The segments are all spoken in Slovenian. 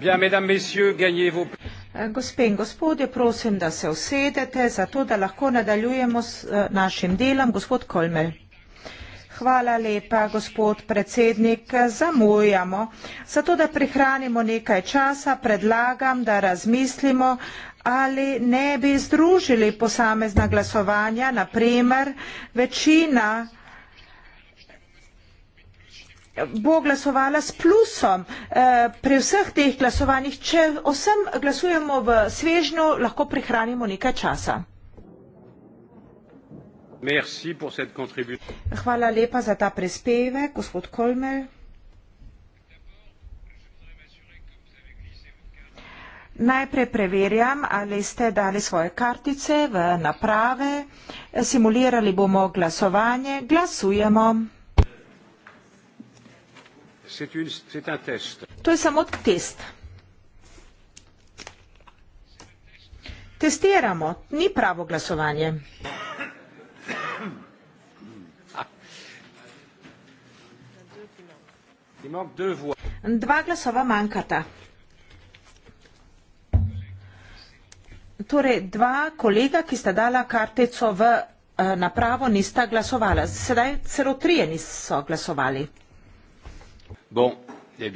Bien, mesdames, messieurs, gagnez-vous. Eh, gospe in gospodje, prosim, da se usedete, zato da lahko nadaljujemo s eh, našim delom. Gospod Kolmel. Hvala lepa, gospod predsednik. Zamujamo. Zato, da prihranimo nekaj časa, predlagam, da razmislimo, ali ne bi združili posamezna glasovanja, naprimer večina bo glasovala s plusom eh, pri vseh teh glasovanjih. Če vsem glasujemo v svežnju, lahko prihranimo nekaj časa. Hvala lepa za ta prispeve, gospod Kolmel. Najprej preverjam, ali ste dali svoje kartice v naprave. Simulirali bomo glasovanje. Glasujemo. To je samo test. Testiramo, ni pravo glasovanje. Dva glasova manjkata. Torej, dva kolega, ki sta dala kartico v eh, napravo, nista glasovala. Sedaj celo trije niso glasovali. Eh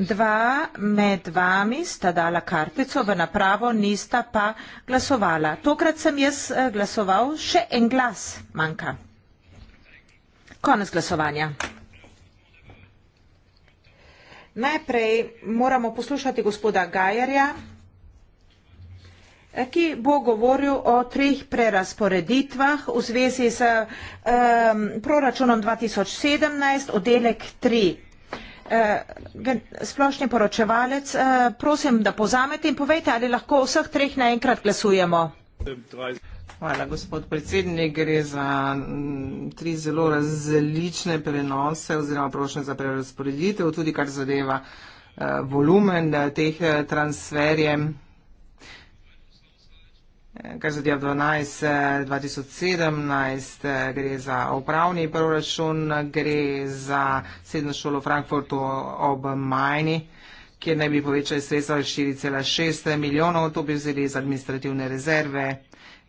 Dva med vami sta dala kartico v napravo, nista pa glasovala. Tokrat sem jaz eh, glasoval, še en glas manjka. Konec glasovanja. Najprej moramo poslušati gospoda Gajarja ki bo govoril o treh prerasporeditvah v zvezi z um, proračunom 2017, oddelek 3. Uh, eh, splošni poročevalec, uh, prosim, da pozamete in povejte, ali lahko vseh treh naenkrat glasujemo. Hvala, gospod predsednik. Gre za mm, tri zelo različne prenose oziroma prošnje za prerasporeditev, tudi kar zadeva uh, volumen teh transferjev kar zadeva 12-2017, gre za upravni proračun, gre za srednjo šolo v Frankfurtu ob Majni kjer naj bi povečali sredstva 4,6 milijonov, to bi vzeli iz administrativne rezerve.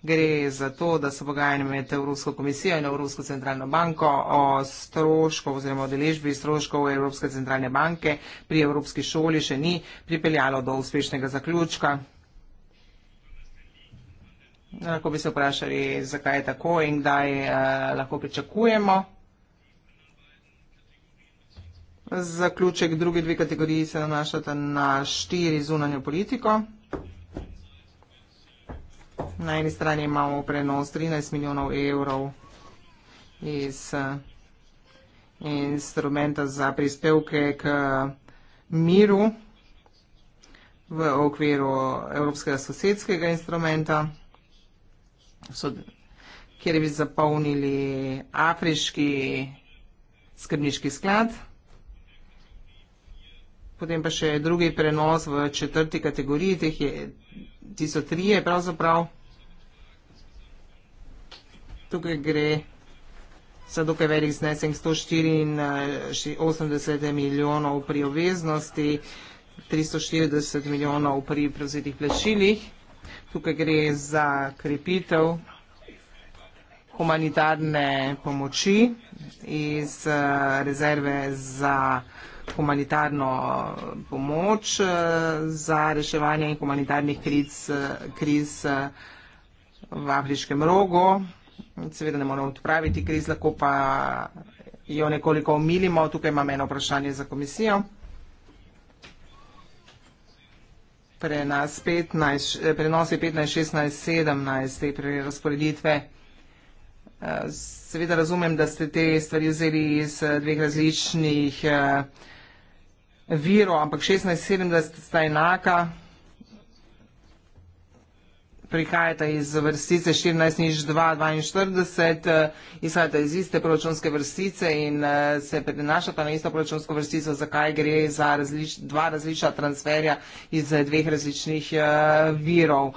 Gre za to, da so pogajanje med Evropsko komisijo in Evropsko centralno banko o stroškov oziroma o deležbi stroškov Evropske centralne banke pri Evropski šoli še ni pripeljalo do uspešnega zaključka. Lahko bi se vprašali, zakaj je tako in kdaj eh, lahko pričakujemo. Zaključek druge dve kategoriji se nanašata na štiri zunanjo politiko. Na eni strani imamo prenos 13 milijonov evrov iz instrumenta za prispevke k miru v okviru Evropskega sosedskega instrumenta kjer bi zapolnili afriški skrbniški sklad, potem pa še drugi prenos v četrti kategoriji, teh je, ti so trije pravzaprav. Tukaj gre za dokaj velik znesek 184 milijonov pri obveznosti, 340 milijonov pri prevzetih plačilih. Tukaj gre za krepitev humanitarne pomoči iz eh, rezerve za humanitarno pomoč eh, za reševanje in humanitarnih eh, kriz, kriz v Afriškem rogu. Seveda ne moramo odpraviti kriz, lahko pa jo nekoliko omilimo. Tukaj imam eno vprašanje za komisijo. prenos 15, eh, prenosi 15, 16, 17 te prerasporeditve. Eh, seveda razumem, da ste te stvari vzeli iz eh, dveh različnih virov, ampak 16, 17 sta enaka prihajate iz vrstice 14.2.42, eh, izhajate iz iste proračunske vrstice in eh, se prenašate na isto proračunsko vrstico, zakaj gre za različ, dva različna transferja iz eh, dveh različnih virov.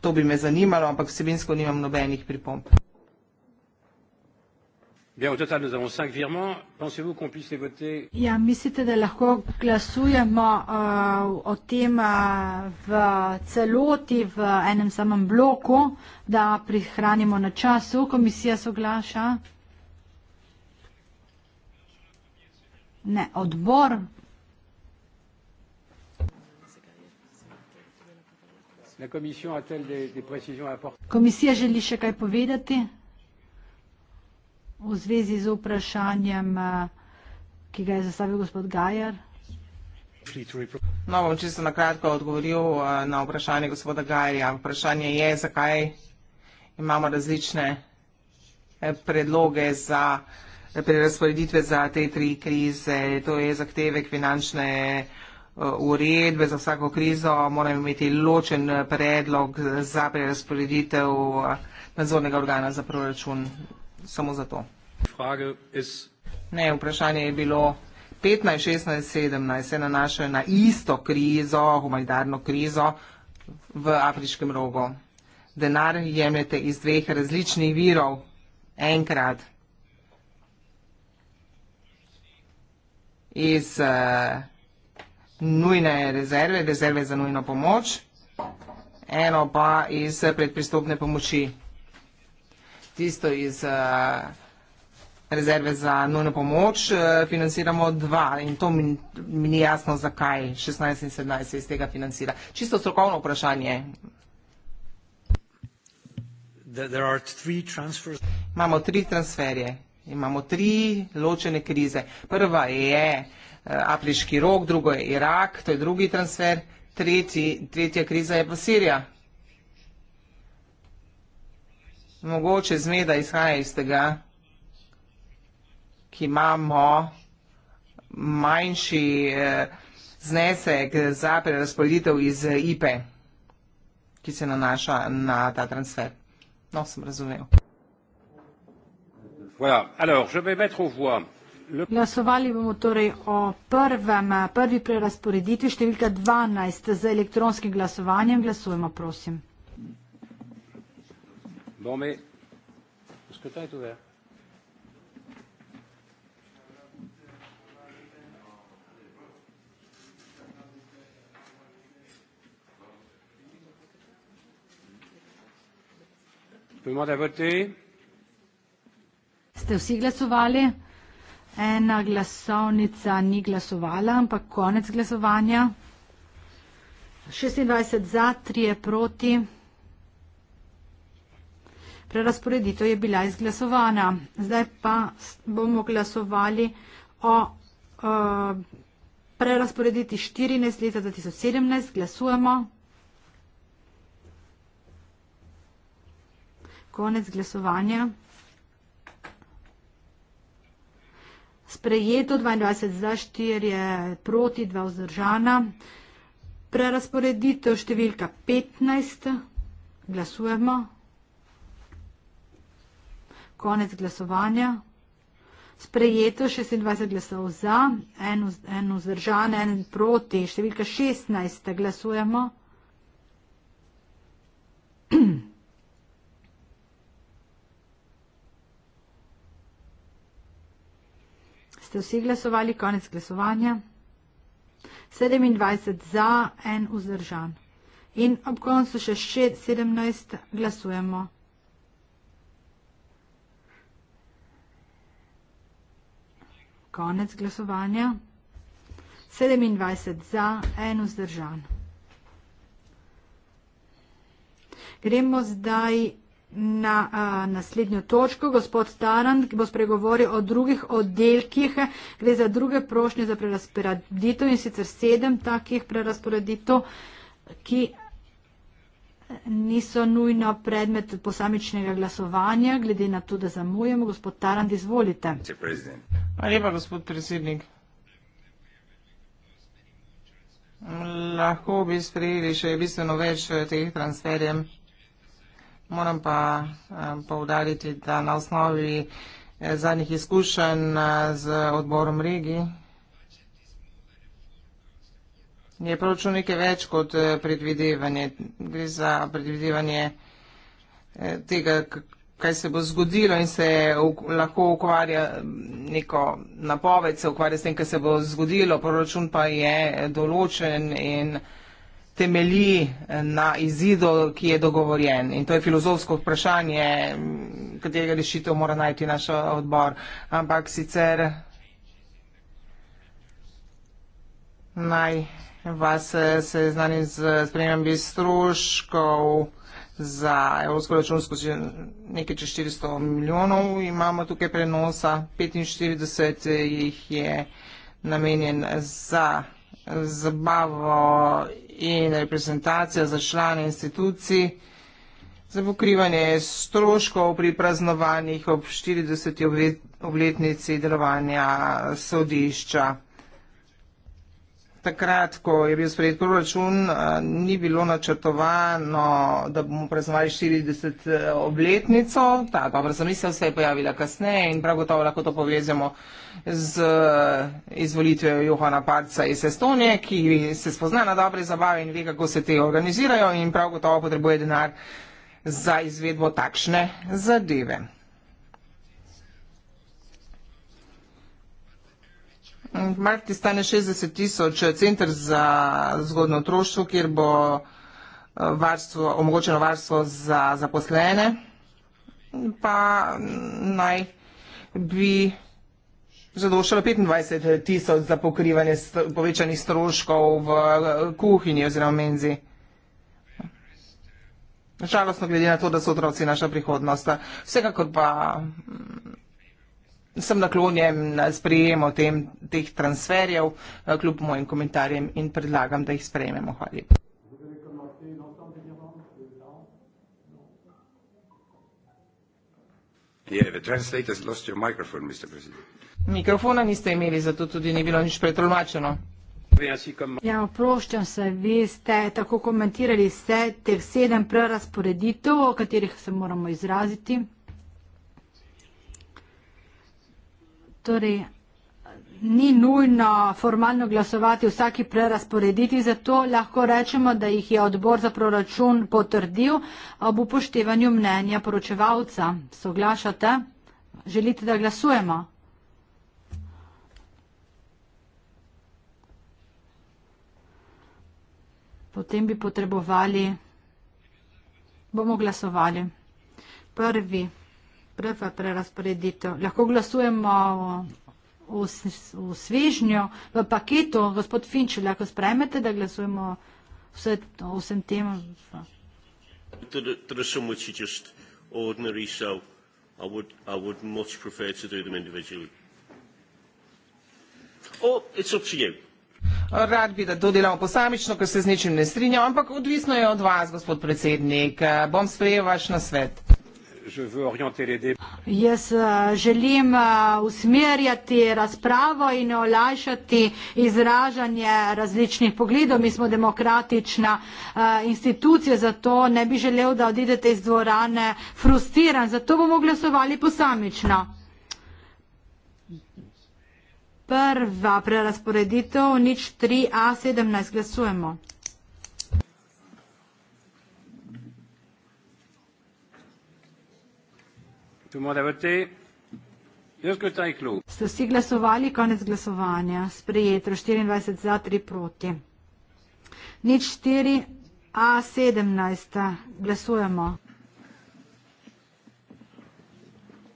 To bi me zanimalo, ampak vsebinsko nimam nobenih pripomp. Bien, au total, nous avons cinq virements. Pensez-vous qu'on puisse les voter Ja, mislite, da lahko glasujemo uh, o tem uh, v celoti, v enem samem bloku, da prihranimo na času. Komisija soglaša? Ne, odbor. Komisija želi še kaj povedati? v zvezi z vprašanjem, eh, ki ga je zastavil gospod Gajar. No, bom čisto na kratko odgovoril eh, na vprašanje gospoda Gajarja. Vprašanje je, zakaj imamo različne eh, predloge za prerasporeditve za te tri krize. To je zahtevek finančne uredbe za vsako krizo. Moramo imeti ločen predlog za prerasporeditev nadzornega organa za proračun samo za to. Ne, vprašanje je bilo 15, 16, 17, se nanašajo na isto krizo, humanitarno krizo v afriškem rogu. Denar jemljete iz dveh različnih virov, enkrat iz uh, nujne rezerve, rezerve za nujno pomoč, eno pa iz predpristopne pomoči tisto iz eh, rezerve za nujno pomoč, eh, financiramo dva in to mi ni jasno, zakaj 16 in 17 se iz tega financira. Čisto strokovno vprašanje. Imamo tri transferje, imamo tri ločene krize. Prva je eh, apriški rok, drugo je Irak, to je drugi transfer, tretja kriza je pa Sirija mogoče zmeda izhaja iz tega, ki imamo manjši eh, znesek za prerazporeditev iz eh, IPE, ki se nanaša na ta transfer. No, sem razumel. Glasovali bomo torej o prvem, eh, prvi prerazporeditvi številka 12 z elektronskim glasovanjem. Glasujemo, prosim. Bommé. Le scrutin est eh? ouvert. Je demande à voter. Ste vsi glasovali? Ena glasovnica ni glasovala, ampak konec glasovanja. 26 za, 3 proti prerasporeditev je bila izglasovana. Zdaj pa bomo glasovali o uh, prerasporediti 14 leta 2017. Glasujemo. Konec glasovanja. Sprejeto 22 za 4 je proti 2 vzdržana. Prerasporeditev številka 15. Glasujemo konec glasovanja. Sprejeto 26 glasov za, en vzdržan, en proti, številka 16 glasujemo. Ste vsi glasovali, konec glasovanja. 27 za, en vzdržan. In ob koncu še 17 glasujemo. konec glasovanja. 27 za, en vzdržan. Gremo zdaj na a, naslednjo točko. Gospod Tarant bo spregovoril o drugih oddelkih. Gre za druge prošnje za prerasporeditev in sicer sedem takih prerasporeditev, ki niso nujno predmet posamičnega glasovanja, glede na to, da zamujemo. Gospod Tarand, izvolite. Hvala lepa, gospod predsednik. Lahko bi sprejeli še bistveno več eh, teh transferjev. Moram pa eh, povdariti, da na osnovi eh, zadnjih izkušenj z odborom regij Je proračun nekaj več kot eh, predvidevanje. Gre za predvidevanje eh, tega, kaj se bo zgodilo in se lahko ukvarja mm, neko napoved, se ukvarja s tem, kaj se bo zgodilo. Proračun pa je določen in temelji eh, na izidu, ki je dogovorjen. In to je filozofsko vprašanje, mm, katerega rešitev mora najti naš odbor. Ampak sicer naj vas eh, seznani z spremembi stroškov za evropsko računsko, že nekaj čez 400 milijonov imamo tukaj prenosa, 45 jih je namenjen za zabavo in reprezentacijo za člane institucij, za pokrivanje stroškov pri praznovanjih ob 40 obletnici delovanja sodišča takrat, ko je bil sprejet proračun, eh, ni bilo načrtovano, da bomo praznovali 40 eh, obletnico. Ta dobra zamisel se je pojavila kasneje in prav gotovo lahko to povezamo z eh, izvolitvijo Johana Parca iz Estonije, ki se spozna na dobre zabave in ve, kako se te organizirajo in prav gotovo potrebuje denar za izvedbo takšne zadeve. V Malti stane 60 tisoč centr za zgodno otroštvo, kjer bo eh, varstvo, omogočeno varstvo za zaposlene, pa mm, naj bi zadošalo 25 tisoč za pokrivanje povečanih stroškov v eh, kuhinji oziroma menzi. Žalostno glede na to, da so otroci naša prihodnost. Vsekakor pa mm, sem naklonjen na sprejemo tem, teh transferjev, eh, kljub mojim komentarjem in predlagam, da jih sprejmemo. Hvala lepa. Mikrofona niste imeli, zato tudi ni bilo nič pretolmačeno. Ja, oproščam se, vi ste tako komentirali vse teh sedem prerasporeditev, o katerih se moramo izraziti. Torej, ni nujno formalno glasovati vsaki prerasporediti, zato lahko rečemo, da jih je odbor za proračun potrdil ob upoštevanju mnenja poročevalca. Soglašate? Želite, da glasujemo? Potem bi potrebovali, bomo glasovali. Prvi prerasporeditev. Lahko glasujemo v, v, v svežnju, v paketu, gospod Finč, lahko sprejmete, da glasujemo vse, vsem tem. I would, I would much prefer to do them individually. Or oh, it's up to you. Rad bi, da to delamo posamično, ker se z ničim ne strinjam, ampak odvisno je od vas, gospod predsednik. Bom sprejel vaš nasvet. Jaz eh, želim eh, usmerjati razpravo in olajšati izražanje različnih pogledov. Mi smo demokratična eh, institucija, zato ne bi želel, da odidete iz dvorane frustriran. Zato bomo glasovali posamično. Prva prerasporeditev, nič 3a17, glasujemo. Tout le monde a voté. Le scrutin est clos. Ste vsi glasovali, konec glasovanja. Sprejeto 24 za, 3 proti. Nič 4, A17. Glasujemo.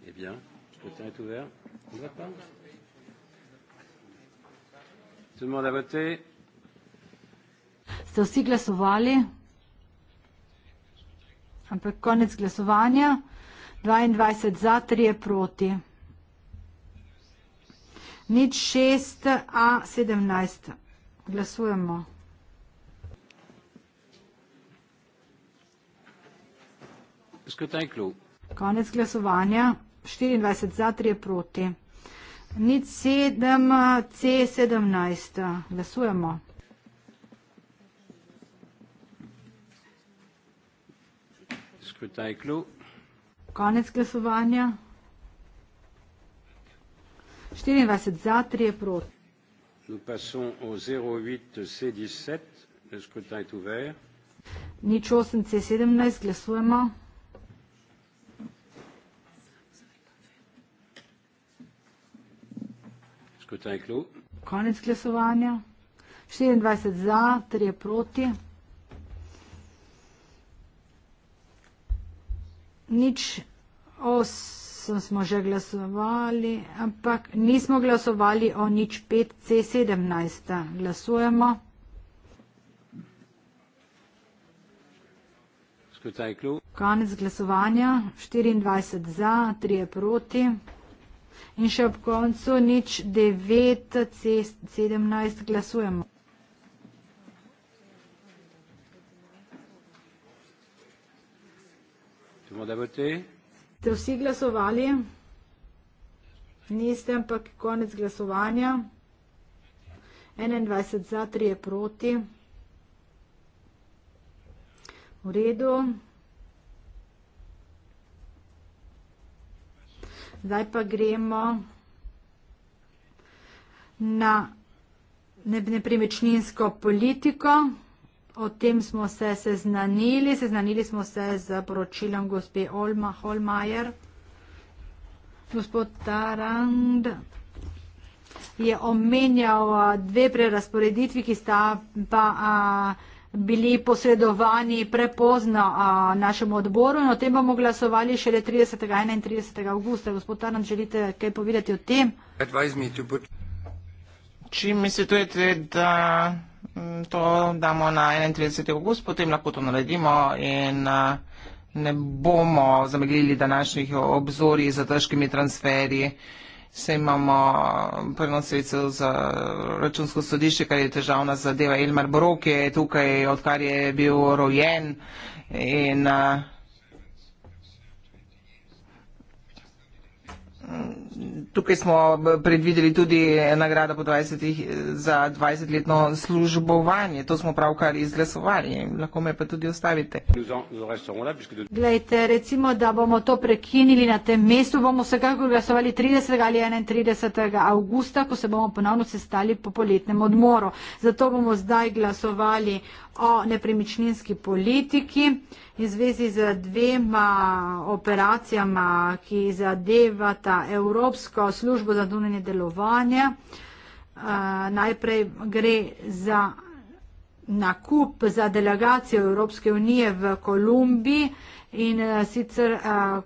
Eh bien, scrutin est ouvert. On va pas. Tout le monde a voté. Ste vsi glasovali? Ampak konec glasovanja. 22 za, 3 proti. Nič 6, a 17. Glasujemo. Konec glasovanja. 24 za, 3 proti. Nič 7, c 17. Glasujemo. Scrutin est clos. Konec glasovanja. 24 za, 3 proti. Nous passons au 08 C17. Le scrutin est ouvert. Nič 8 C17, glasujemo. Scrutin est clos. Konec glasovanja. 24 za, 3 proti. nič osem smo že glasovali, ampak nismo glasovali o nič 5C17. Glasujemo. Konec glasovanja, 24 za, 3 proti in še ob koncu nič 9C17 glasujemo. Ste vsi glasovali? Niste, ampak konec glasovanja. 21 za, 3 je proti. V redu. Zdaj pa gremo na nepremičninsko politiko. O tem smo se seznanili, seznanili smo se z poročilom gospe Olma Holmajer. Gospod Tarand je omenjal dve prerasporeditvi, ki sta pa a, bili posredovani prepozno a, našemu odboru in o tem bomo glasovali šele 30. in 31. augusta. Gospod Tarand, želite kaj povedati o tem? Čim mislite, da Mm, to damo na 31. august, potem lahko to naredimo in eh, ne bomo zameglili današnjih obzorij za težkimi transferji. Vse imamo eh, prvo sredstvo za eh, računsko sodišče, kar je težavna zadeva. Ilmar Brok je tukaj, odkar je bil rojen in Tukaj smo predvideli tudi nagrado 20 za 20-letno službovanje. To smo pravkar izglasovali. Lahko me pa tudi ustavite. Glejte, recimo, da bomo to prekinili na tem mestu, bomo vsekakor glasovali 30. ali 31. augusta, ko se bomo ponovno sestali po poletnem odmoru. Zato bomo zdaj glasovali o nepremičninski politiki in zvezi z dvema operacijama, ki zadevata Evropsko službo za dunanje delovanje. Eh, najprej gre za nakup za delegacijo Evropske unije v Kolumbiji in eh, sicer eh,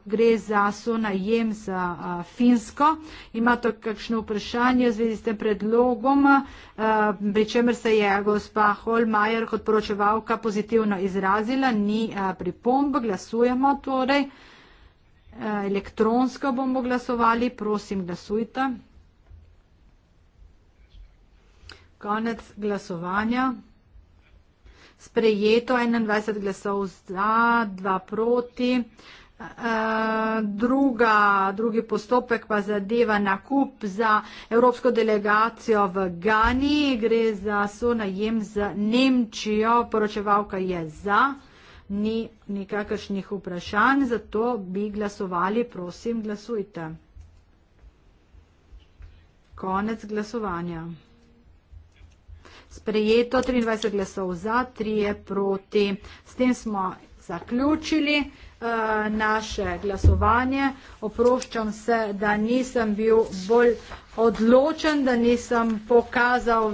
gre za sonajem za eh, Finsko. Imate kakšno vprašanje v zvezi s tem predlogom, pri čemer se je gospa Holmajer kot poročevalka pozitivno izrazila, ni pripomb, glasujemo torej. Elektronsko bomo glasovali, prosim, glasujte. Konec glasovanja sprejeto 21 glasov za, 2 proti. Eh, druga, drugi postopek pa zadeva nakup za evropsko delegacijo v Gani, gre za sonajem z Nemčijo, poročevalka je za, ni nikakršnih vprašanj, zato bi glasovali, prosim, glasujte. Konec glasovanja sprejeto, 23 glasov za, 3 proti. S tem smo zaključili. Eh, naše glasovanje. Oproščam se, da nisem bil bolj odločen, da nisem pokazal,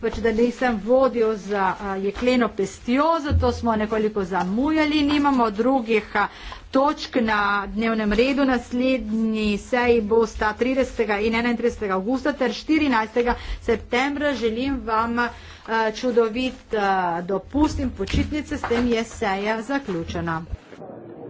pač da nisem vodil za eh, jekleno pestjo, zato smo nekoliko zamujali, nimamo drugih eh, točk na dnevnem redu. Naslednji seji bo sta 30. in 31. augusta ter 14. septembra. Želim vam čudovit dopust in počitnice, s tem je seja zaključena.